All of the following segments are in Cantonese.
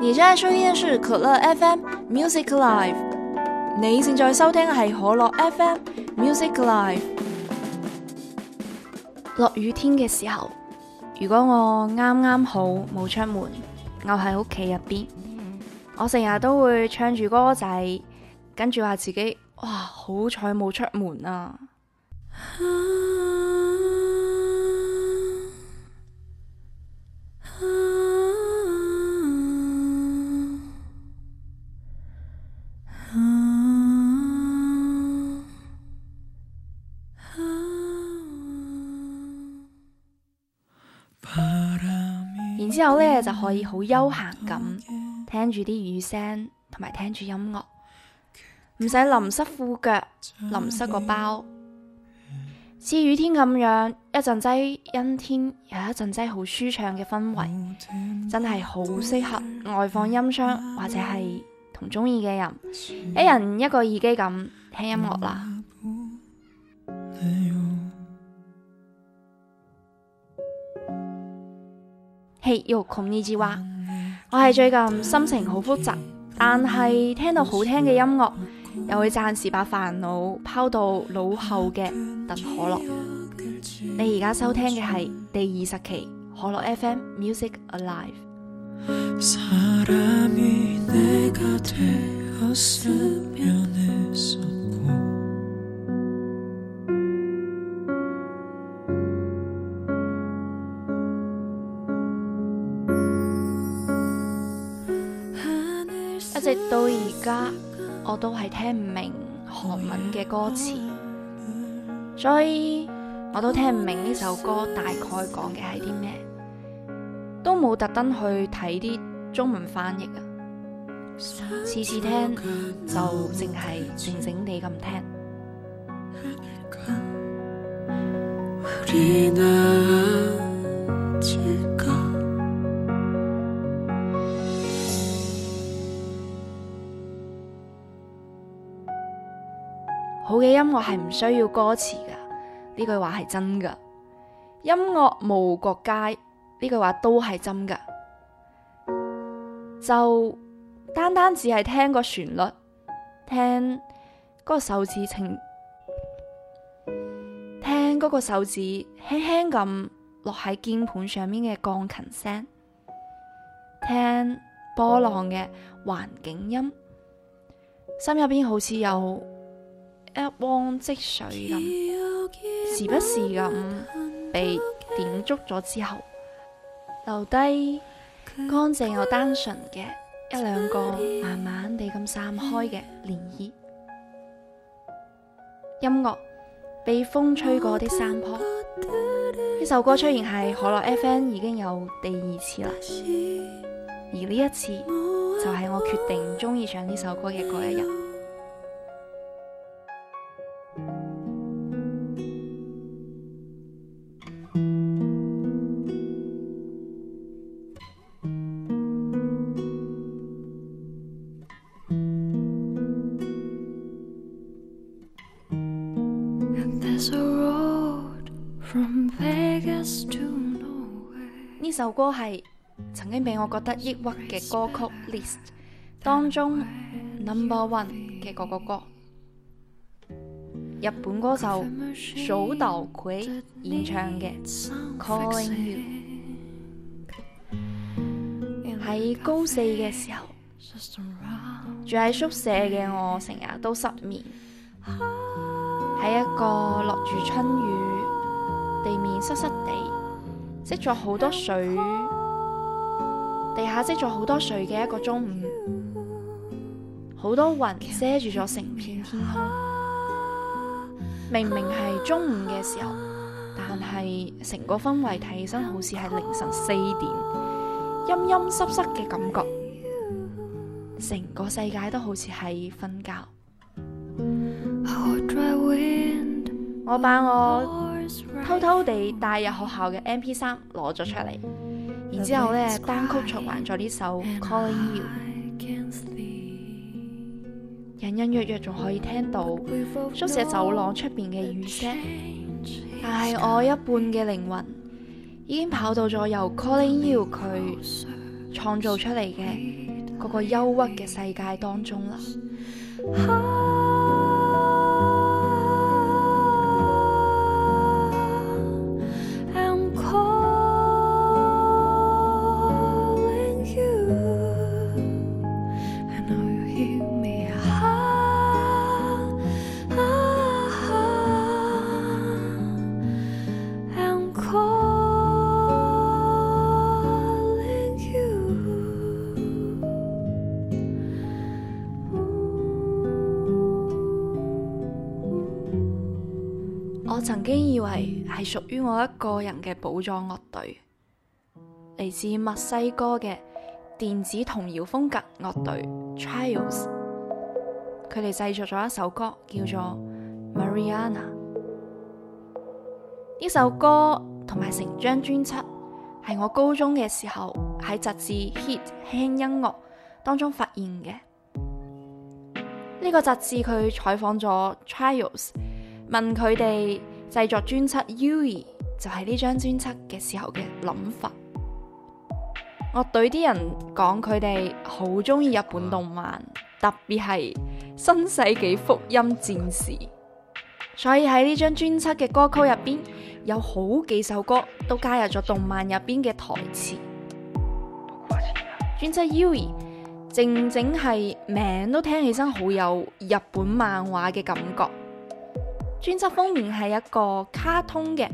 你現在，在收聽是可樂 FM Music Live。你現在收聽嘅係可樂 FM Music Live。落雨天嘅時候，如果我啱啱好冇出門，我喺屋企入邊，我成日都會唱住歌仔，跟住話自己，哇，好彩冇出門啊！ 後咧就可以好悠閒咁聽住啲雨聲，同埋聽住音樂，唔使淋濕褲腳，淋濕個包。似雨天咁樣，一陣仔陰天，又一陣仔好舒暢嘅氛圍，真係好適合外放音箱，或者係同中意嘅人，一人一個耳機咁聽音樂啦。嗯 Hey, yo, konnichiwa，我係最近心情好複雜，但係聽到好聽嘅音樂，又會暫時把煩惱拋到腦後嘅。鄧可樂，你而家收聽嘅係第二十期可樂 FM Music Alive。 直到而家，我都係聽唔明韓文嘅歌詞，所以我都聽唔明呢首歌大概講嘅係啲咩，都冇特登去睇啲中文翻譯啊，次次聽就淨係靜靜地咁聽。 嘅音樂係唔需要歌詞噶，呢句話係真噶。音樂無國界。呢句話都係真噶。就單單只係聽個旋律，聽嗰個手指，聽嗰個手指輕輕咁落喺鍵盤上面嘅鋼琴聲，聽波浪嘅環境音，心入邊好似有。一汪積水咁，時不時咁被點觸咗之後，留低乾淨又單純嘅一兩個，慢慢地咁散開嘅漣漪。音樂被風吹過的山坡，呢首歌出現喺可樂 FM 已經有第二次啦，而呢一次就係我決定鍾意上呢首歌嘅嗰一日。歌係曾經畀我覺得抑鬱嘅歌曲 list 當中 number one 嘅嗰個歌，日本歌手手嶌葵演唱嘅 Calling You。喺 高四嘅時候，住喺宿舍嘅我成日都失眠，喺一個落住春雨，地面濕濕地積咗好多水，地下積咗好多水嘅一個中午，好多雲遮住咗成片天空。明明係中午嘅時候，但係成個氛圍睇起身好似係凌晨四點，陰陰濕濕嘅感覺，成個世界都好似喺瞓覺。我把我。偷偷地帶入學校嘅 MP3 攞咗出嚟，然之後咧單曲循環咗呢首 Calling You，隱隱約約仲可以聽到宿舍走廊出邊嘅雨聲，但係我一半嘅靈魂已經跑到咗由 Calling You 佢創造出嚟嘅嗰個憂鬱嘅世界當中啦。Hmm. 我一個人嘅寶藏樂隊，嚟自墨西哥嘅電子童謠風格樂隊 Childs，佢哋製作咗一首歌叫做《Mariana》。呢首歌同埋成張專輯係我高中嘅時候喺雜誌《Hit 輕音樂》當中發現嘅。呢、這個雜誌佢採訪咗 Childs，問佢哋製作專輯《u 就係呢張專輯嘅時候嘅諗法，樂隊啲人講佢哋好中意日本動漫，特別係《新世紀福音戰士》，所以喺呢張專輯嘅歌曲入邊有好幾首歌都加入咗動漫入邊嘅台詞。專輯 U 正正係名都聽起身好有日本漫畫嘅感覺。專輯封面係一個卡通嘅。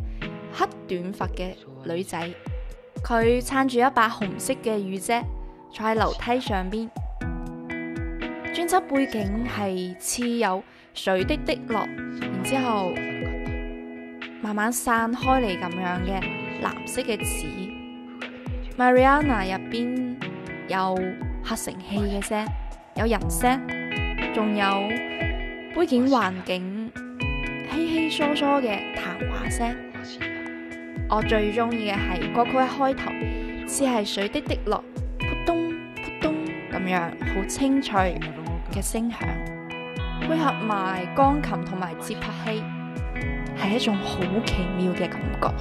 黑短髮嘅女仔，佢撐住一把紅色嘅雨遮，坐喺樓梯上邊。專輯背景係似有水滴滴落，然之後慢慢散開嚟咁樣嘅藍色嘅紙。Mariana 入邊有合成器嘅聲，有人聲，仲有背景環境稀稀疏疏嘅談話聲。我最中意嘅係歌曲一開頭，似係水滴滴落，噗咚噗咚咁樣，好清脆嘅聲響，配合埋鋼琴同埋節拍器，係一種好奇妙嘅感覺。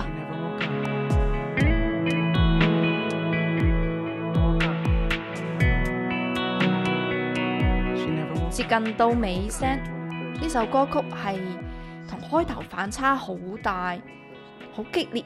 接近到尾聲，呢首歌曲係同開頭反差好大，好激烈。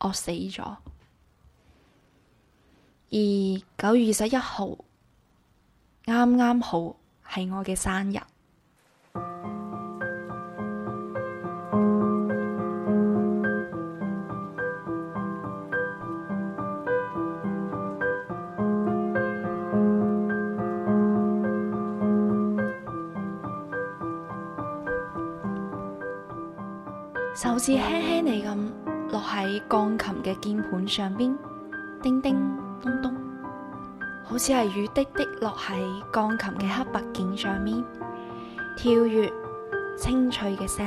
我死咗，而九月二十一號啱啱好係我嘅生日，手指輕輕地咁。 落喺鋼琴嘅鍵盤上面，叮叮咚咚，好似係雨滴滴落喺鋼琴嘅黑白鍵上面，跳躍清脆嘅聲。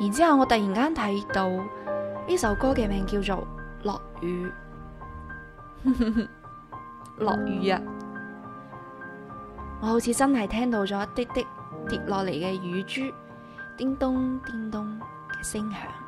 然之後我突然間睇到呢首歌嘅名叫做《落雨》， 落雨啊！我好似真係聽到咗一滴滴跌落嚟嘅雨珠，叮咚叮咚嘅聲響。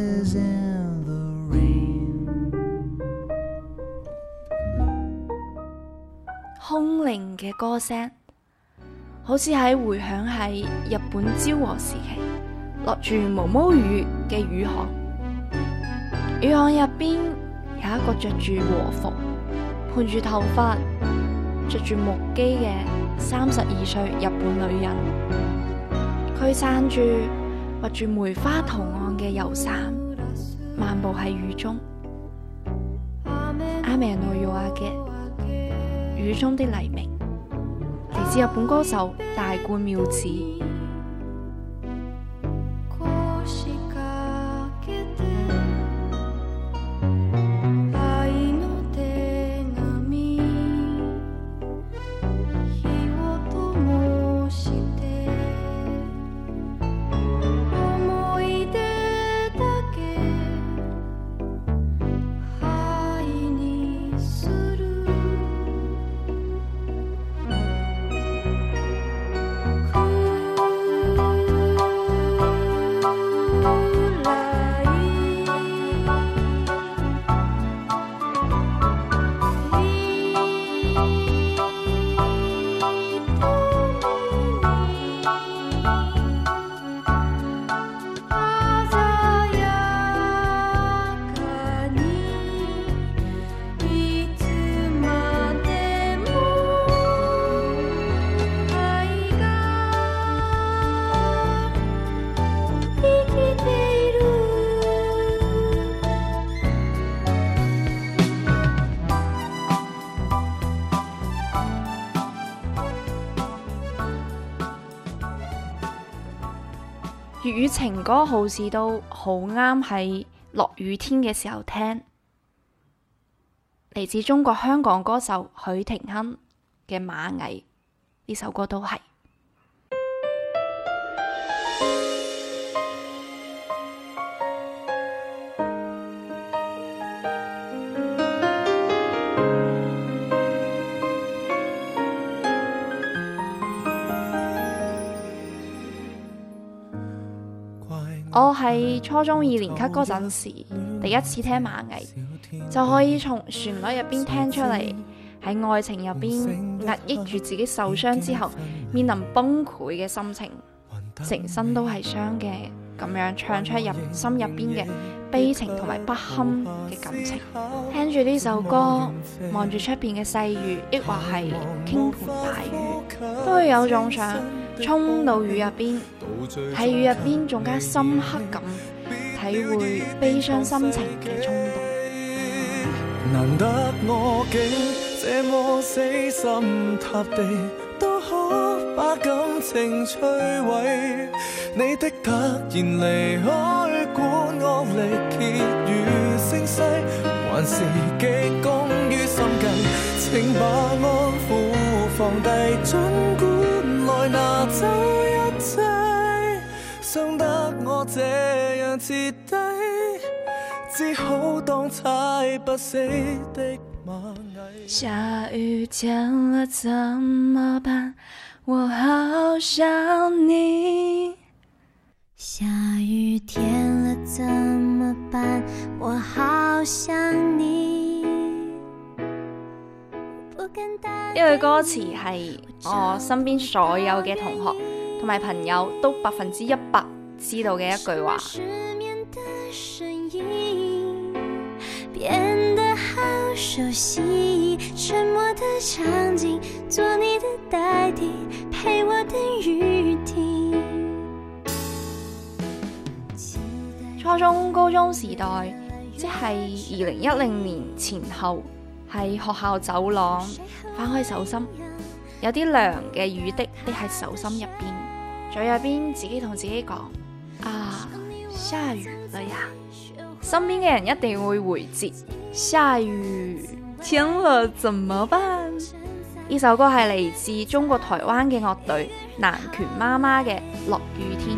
嘅歌聲，好似喺回響喺日本昭和時期，落住毛毛雨嘅雨巷，雨巷入邊有一個着住和服、盤住頭髮、着住木屐嘅三十二歲日本女人，佢撐住畫住梅花圖案嘅油傘，漫步喺雨中。雨の夜明け。雨中的黎明，嚟自日本歌手大貫妙子。雨情歌好似都好啱喺落雨天嘅時候聽，嚟自中國香港歌手許廷鏗嘅《螞蟻》呢首歌都係。喺初中二年級嗰陣時，第一次聽《螞蟻》，就可以從旋律入邊聽出嚟喺愛情入邊壓抑住自己受傷之後面臨崩潰嘅心情，成身都係傷嘅，咁樣唱出入心入邊嘅悲情同埋不堪嘅感情。聽住呢首歌，望住出邊嘅細雨，亦或係傾盆大雨，都會有種想衝到雨入邊。喺雨入邊，仲加深刻咁體會悲傷心情嘅衝動。難得我竟這麼死心塌地，都可把感情摧毀。你的突然離開，管惡力竭與聲嘶，還是極工於心計，請把安撫放低，盡管來拿走。下雨天了怎麼辦？我好想你。下雨天了怎麼辦？我好想你。呢句 歌詞係我身邊所有嘅同學。同埋朋友都百分之一百知道嘅一句話。初中、高中時代，即係二零一零年前後，喺學校走廊翻開手心，有啲涼嘅雨滴滴喺手心入邊。嘴入邊自己同自己講啊，下雨了呀！身邊嘅人一定會回字，下雨天了怎麼辦？呢首歌係嚟自中國台灣嘅樂隊南拳媽媽嘅《落雨天》。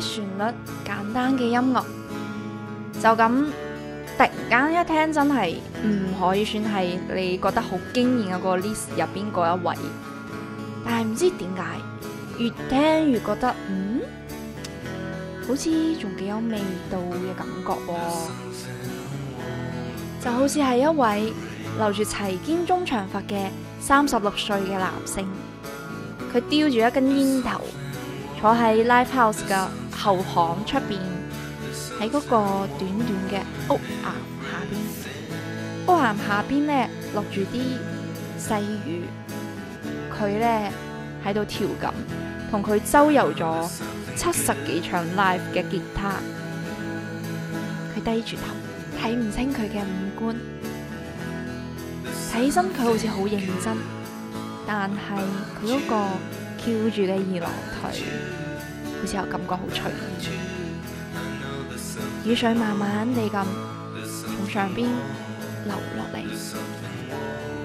旋律簡單嘅音樂，就咁突然間一聽，真係唔可以算係你覺得好驚艷嘅個 list 入邊嗰一位，但係唔知點解越聽越覺得，嗯，好似仲幾有味道嘅感覺喎，就好似係一位留住齊肩中長髮嘅三十六歲嘅男性，佢叼住一根煙頭坐喺 live house 噶。後巷出邊，喺嗰個短短嘅屋檐下邊，屋檐下邊呢，落住啲細雨，佢呢，喺度跳緊，同佢周遊咗七十幾場 live 嘅吉他，佢低住頭睇唔清佢嘅五官，睇起身佢好似好認真，但係佢嗰個翹住嘅二郎腿。好似有感覺好隨意，雨水慢慢地咁從上邊流落嚟，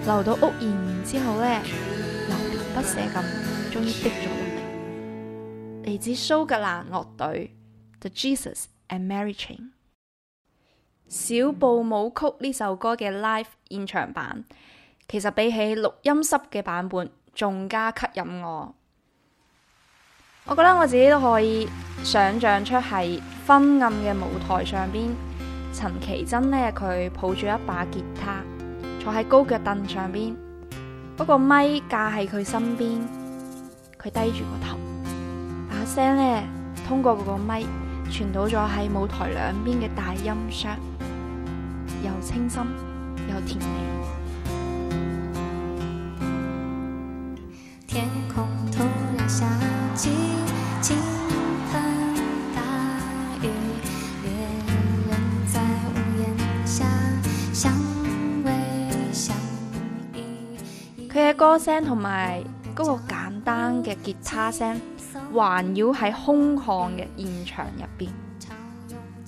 流到屋檐，然之後呢，流流不捨咁，終於滴咗落嚟。嚟 自蘇格蘭樂隊 The Jesus and Mary Chain《 小步舞曲》呢首歌嘅 live 現場版，其實比起錄音室嘅版本仲加吸引我。我覺得我自己都可以想象出係昏暗嘅舞台上邊，陳綺貞呢，佢抱住一把吉他，坐喺高腳凳上邊，嗰個咪架喺佢身邊，佢低住個頭，把聲呢通過嗰個咪傳到咗喺舞台兩邊嘅大音箱，又清新又甜美。歌聲同埋嗰個簡單嘅吉他聲環繞喺空曠嘅現場入邊，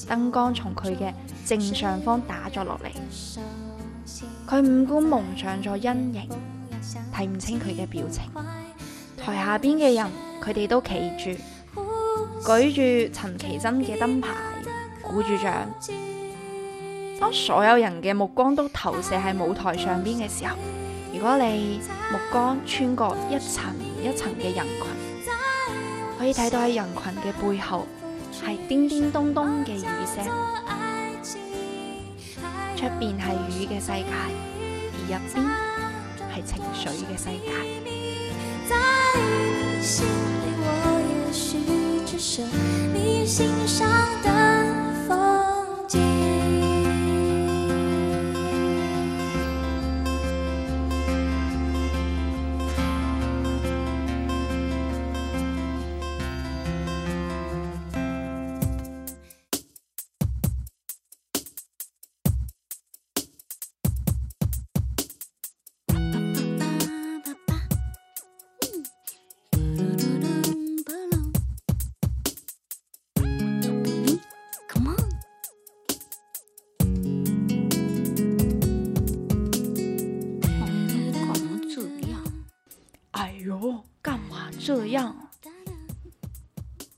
燈光從佢嘅正上方打咗落嚟，佢五官蒙上咗陰影，睇唔清佢嘅表情。台下邊嘅人，佢哋都企住，舉住陳綺貞嘅燈牌，鼓住掌。當所有人嘅目光都投射喺舞台上邊嘅時候。如果你目光穿過一層一層嘅人群，可以睇到喺人群嘅背後係叮叮咚咚嘅雨聲，出邊係雨嘅世界，而入邊係情緒嘅世界。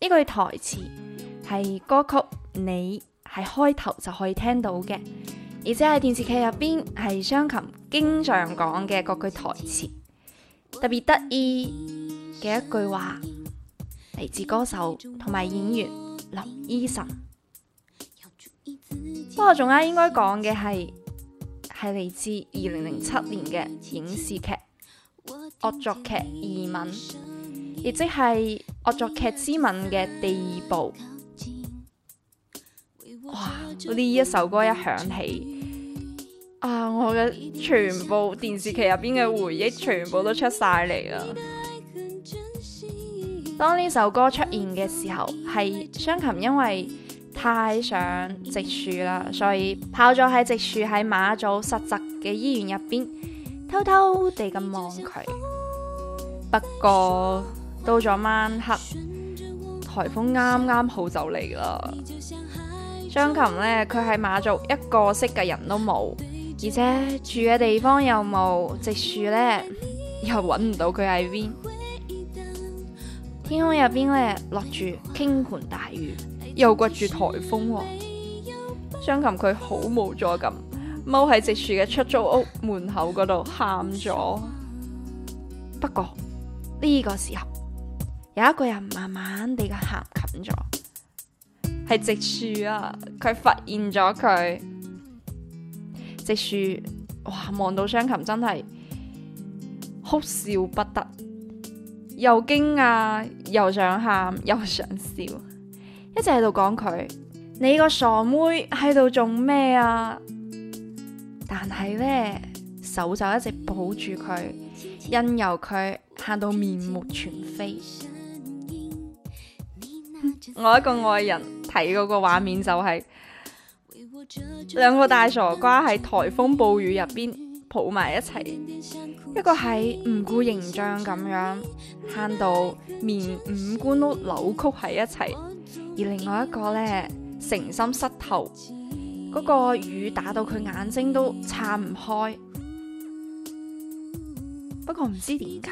呢句台詞係歌曲，你喺開頭就可以聽到嘅，而且喺電視劇入邊係湘琴經常講嘅嗰句台詞，特別得意嘅一句話，嚟自歌手、同埋演員林依晨。不過仲啱應該講嘅係係嚟自二零零七年嘅影視劇《惡作劇二吻》。亦即係惡作劇之吻嘅第二部，哇！呢一首歌一響起，啊，我嘅全部電視劇入邊嘅回憶全部都出晒嚟啦。當呢首歌出現嘅時候，係湘琴因為太想直樹啦，所以跑咗喺直樹喺馬祖實習嘅醫院入邊偷偷地咁望佢。不過。到咗晚黑，台風啱啱好就嚟啦。張琴呢，佢喺馬族一個識嘅人都冇，而且住嘅地方又冇植樹呢，又搵唔到佢喺邊。天空入邊呢，落住傾盆大雨，又刮住台風。張琴佢好無助感，踎喺植樹嘅出租屋門口嗰度喊咗。 不過呢、這個時候。有一個人慢慢地行近咗，係直樹啊！佢發現咗佢，直樹哇，望到雙琴真係哭笑不得，又驚訝又想喊又想笑，一直喺度講佢：你個傻妹喺度做咩啊？但係咧手就一直抱住佢，因由佢喊到面目全非。我一個愛人睇嗰個畫面就係、是、兩個大傻瓜喺台風暴雨入邊抱埋一齊，一個係唔顧形象咁樣喊到面五官都扭曲喺一齊，而另外一個呢，誠心濕透，嗰、那個雨打到佢眼睛都撐唔開，不過唔知點解。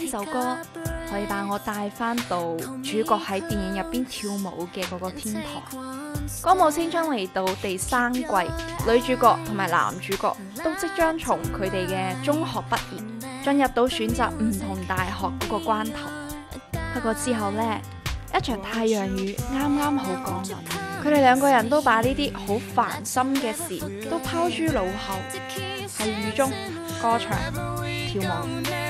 呢首歌可以把我帶翻到主角喺電影入邊跳舞嘅嗰個天堂。歌舞青春嚟到第三季，女主角同埋男主角都即將從佢哋嘅中學畢業，進入到選擇唔同大學嗰個關頭。不過之後呢，一場太陽雨啱啱好降臨，佢哋兩個人都把呢啲好煩心嘅事都拋諸腦後，喺雨中歌唱跳舞。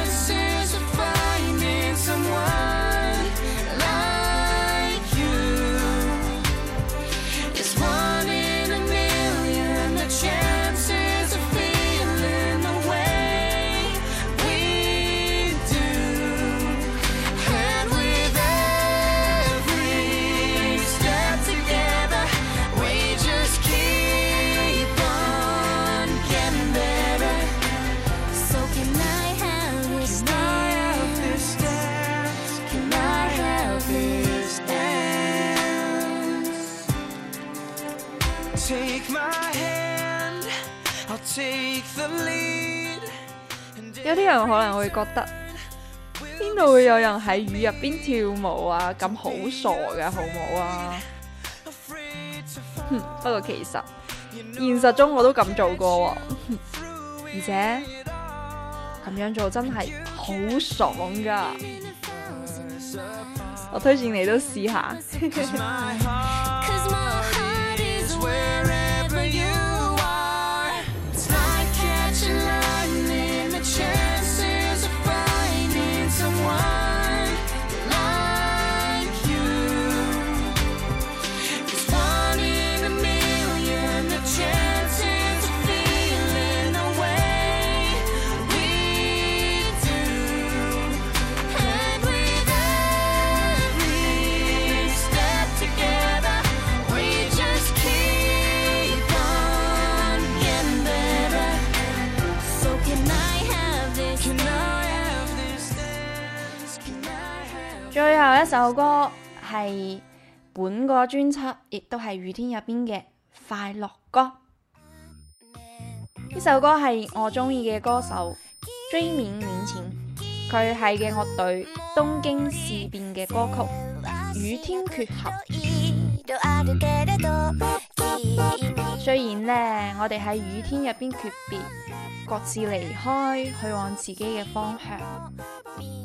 有啲人可能會覺得邊度會有人喺雨入邊跳舞啊？咁好傻㗎好冇啊！ 不過其實現實中我都咁做過， 而且咁樣做真係好爽噶，我推薦你都試下。 首歌係本個專輯，亦都係雨天入邊嘅快樂歌。呢首歌係我中意嘅歌手椎名林檎，佢係嘅樂隊東京事變嘅歌曲《雨天決行》。雖然呢，我哋喺雨天入邊訣別，各自離開，去往自己嘅方向，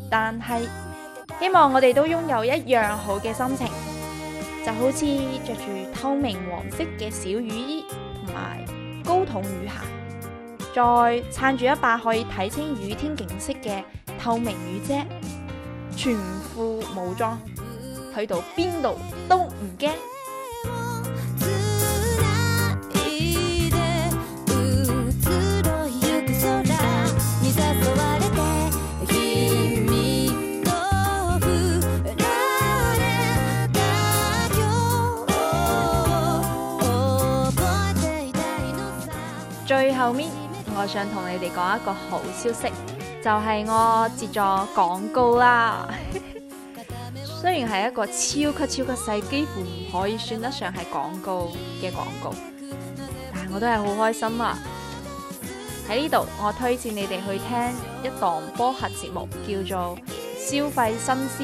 但係。希望我哋都擁有一樣好嘅心情，就好似着住透明黃色嘅小雨衣，同埋高筒雨鞋，再撐住一把可以睇清雨天景色嘅透明雨遮，全副武裝，去到邊度都唔驚。最後面，我想同你哋講一個好消息，就係、是、我接咗廣告啦。 雖然係一個超級超級細，幾乎唔可以算得上係廣告嘅廣告，但我都係好開心啊！喺呢度，我推薦你哋去聽一檔播客節目，叫做《消費心思》，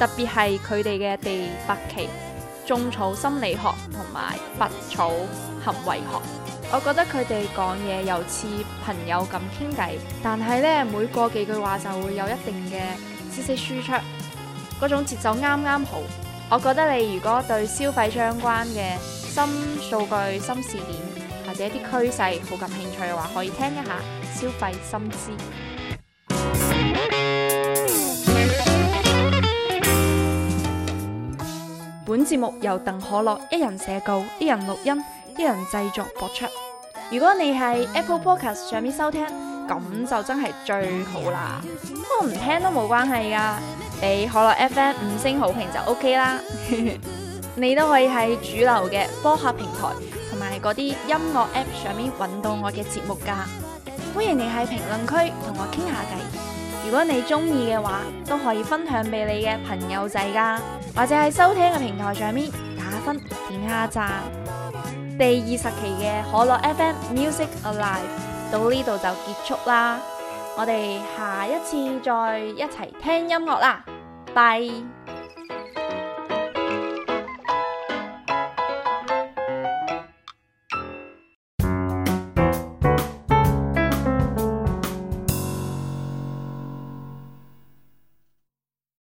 特別係佢哋嘅第八期種草心理學同埋拔草行為學。我覺得佢哋講嘢又似朋友咁傾偈，但係呢，每過幾句話就會有一定嘅知識輸出，嗰種節奏啱啱好。我覺得你如果對消費相關嘅新數據、新事件或者一啲趨勢好感興趣嘅話，可以聽一下《消費心思》。本節目由鄧可樂一人寫稿，一人錄音，人製作播出，如果你係 Apple Podcast 上面收聽，咁就真係最好啦。不過唔聽都冇關係噶，俾可樂 FM 五星好評就 OK 啦。 你都可以喺主流嘅播客平台同埋嗰啲音樂 App 上面揾到我嘅節目噶。歡迎你喺評論區同我傾下偈。如果你中意嘅話，都可以分享俾你嘅朋友仔噶，或者喺收聽嘅平台上面打分點下讚。第二十期嘅可樂 FM Music Alive 到呢度就結束啦，我哋下一次再一齊聽音樂啦，拜。